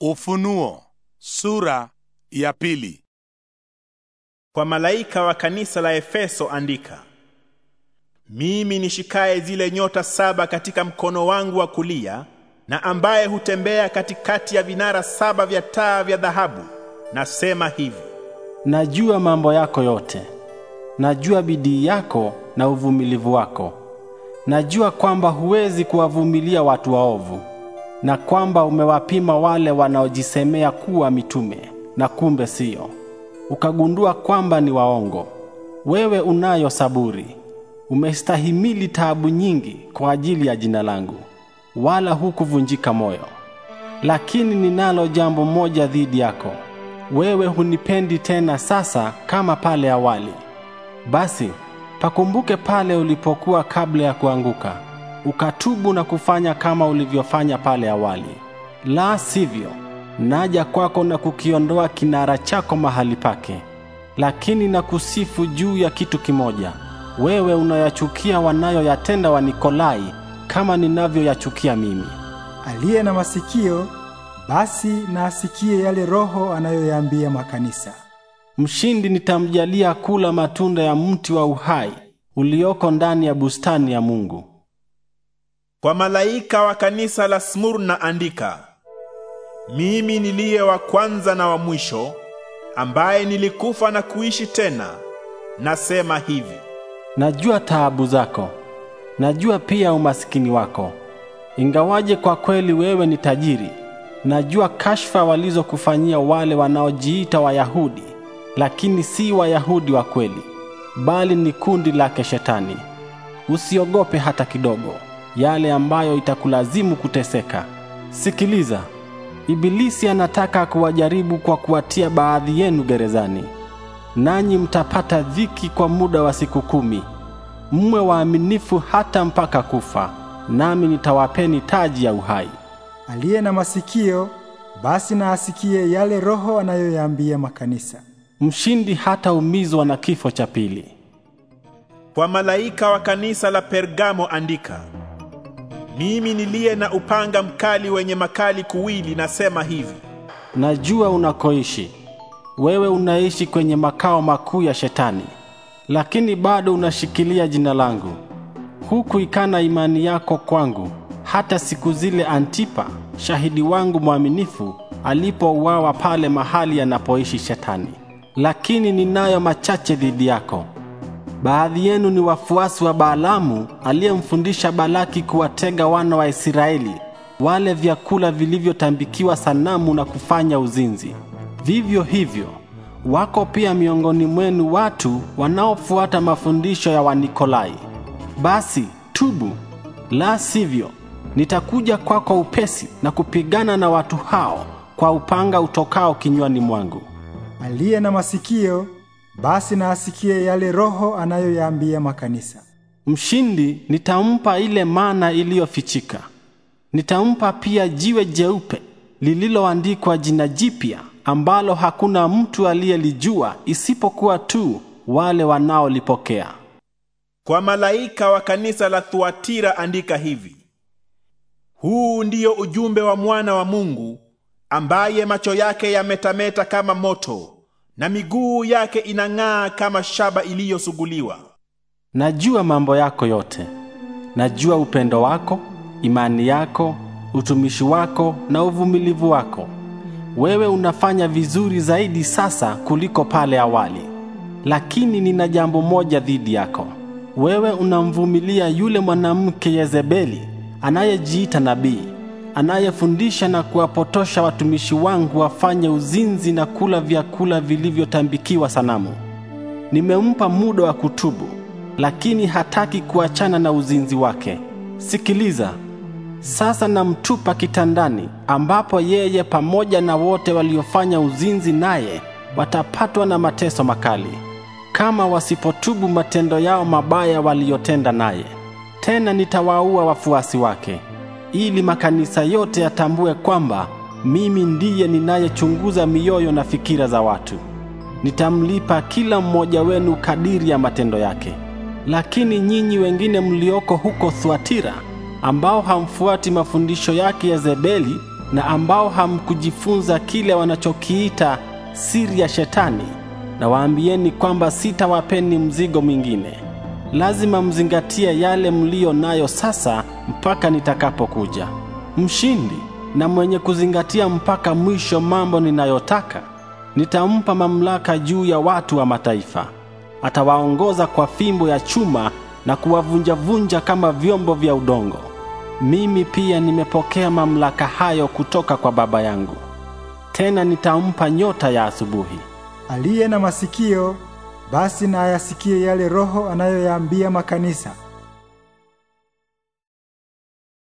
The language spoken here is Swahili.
Ufunuo sura ya pili. Kwa malaika wa kanisa la Efeso andika: Mimi nishikaye zile nyota saba katika mkono wangu wa kulia na ambaye hutembea katikati ya vinara saba vya taa vya dhahabu, nasema hivi: najua mambo yako yote, najua bidii yako na uvumilivu wako, najua kwamba huwezi kuwavumilia watu waovu na kwamba umewapima wale wanaojisemea kuwa mitume na kumbe siyo, ukagundua kwamba ni waongo. Wewe unayo saburi, umestahimili taabu nyingi kwa ajili ya jina langu, wala hukuvunjika moyo. Lakini ninalo jambo moja dhidi yako, wewe hunipendi tena sasa kama pale awali. Basi pakumbuke pale ulipokuwa kabla ya kuanguka ukatubu na kufanya kama ulivyofanya pale awali. La sivyo, naja kwako na kukiondoa kinara chako mahali pake. Lakini nakusifu juu ya kitu kimoja, wewe unayachukia wanayoyatenda wa nikolai kama ninavyoyachukia mimi. Aliye na masikio basi na asikie yale Roho anayoyaambia makanisa. Mshindi nitamjalia kula matunda ya mti wa uhai ulioko ndani ya bustani ya Mungu. Kwa malaika wa kanisa la Smurna andika: mimi niliye wa kwanza na wa mwisho, ambaye nilikufa na kuishi tena, nasema hivi: najua taabu zako, najua pia umasikini wako, ingawaje kwa kweli wewe ni tajiri. Najua kashfa walizokufanyia wale wanaojiita Wayahudi, lakini si Wayahudi wa kweli, bali ni kundi lake Shetani. Usiogope hata kidogo yale ambayo itakulazimu kuteseka. Sikiliza, Ibilisi anataka kuwajaribu kwa kuwatia baadhi yenu gerezani, nanyi mtapata dhiki kwa muda wa siku kumi. Mwe waaminifu hata mpaka kufa, nami nitawapeni taji ya uhai. Aliye na masikio basi na asikie yale Roho anayoyaambia makanisa. Mshindi hataumizwa na kifo cha pili. Kwa malaika wa kanisa la Pergamo andika: mimi niliye na upanga mkali wenye makali kuwili nasema hivi: najua unakoishi wewe, unaishi kwenye makao makuu ya Shetani, lakini bado unashikilia jina langu. Hukuikana imani yako kwangu, hata siku zile Antipa shahidi wangu mwaminifu alipouawa pale mahali anapoishi Shetani. Lakini ninayo machache dhidi yako. Baadhi yenu ni wafuasi wa Balaamu aliyemfundisha Balaki kuwatega wana wa Israeli wale vyakula vilivyotambikiwa sanamu na kufanya uzinzi. Vivyo hivyo, wako pia miongoni mwenu watu wanaofuata mafundisho ya Wanikolai. Basi tubu, la sivyo nitakuja kwako kwa upesi na kupigana na watu hao kwa upanga utokao kinywani mwangu. Aliye na masikio basi na asikie yale Roho anayoyaambia makanisa. Mshindi nitampa ile mana iliyofichika, nitampa pia jiwe jeupe lililoandikwa jina jipya ambalo hakuna mtu aliyelijua isipokuwa tu wale wanaolipokea. Kwa malaika wa kanisa la Thuatira andika hivi: huu ndiyo ujumbe wa mwana wa Mungu ambaye macho yake yametameta kama moto na miguu yake inang'aa kama shaba iliyosuguliwa. Najua mambo yako yote, najua upendo wako, imani yako, utumishi wako na uvumilivu wako. Wewe unafanya vizuri zaidi sasa kuliko pale awali, lakini nina jambo moja dhidi yako. Wewe unamvumilia yule mwanamke Yezebeli anayejiita nabii anayefundisha na kuwapotosha watumishi wangu wafanye uzinzi na kula vyakula vilivyotambikiwa sanamu. Nimempa muda wa kutubu, lakini hataki kuachana na uzinzi wake. Sikiliza, sasa namtupa kitandani, ambapo yeye pamoja na wote waliofanya uzinzi naye watapatwa na mateso makali, kama wasipotubu matendo yao mabaya waliyotenda naye. Tena nitawaua wafuasi wake ili makanisa yote yatambue kwamba mimi ndiye ninayechunguza mioyo na fikira za watu. Nitamlipa kila mmoja wenu kadiri ya matendo yake. Lakini nyinyi wengine mlioko huko Thuatira, ambao hamfuati mafundisho yake ya Zebeli na ambao hamkujifunza kile wanachokiita siri ya Shetani, waambieni kwamba sitawapeni mzigo mwingine. Lazima mzingatie yale mliyo nayo sasa mpaka nitakapokuja. Mshindi na mwenye kuzingatia mpaka mwisho mambo ninayotaka, nitampa mamlaka juu ya watu wa mataifa. Atawaongoza kwa fimbo ya chuma na kuwavunjavunja kama vyombo vya udongo. Mimi pia nimepokea mamlaka hayo kutoka kwa Baba yangu. Tena nitampa nyota ya asubuhi. Aliye na masikio basi na ayasikie yale Roho anayoyaambia makanisa.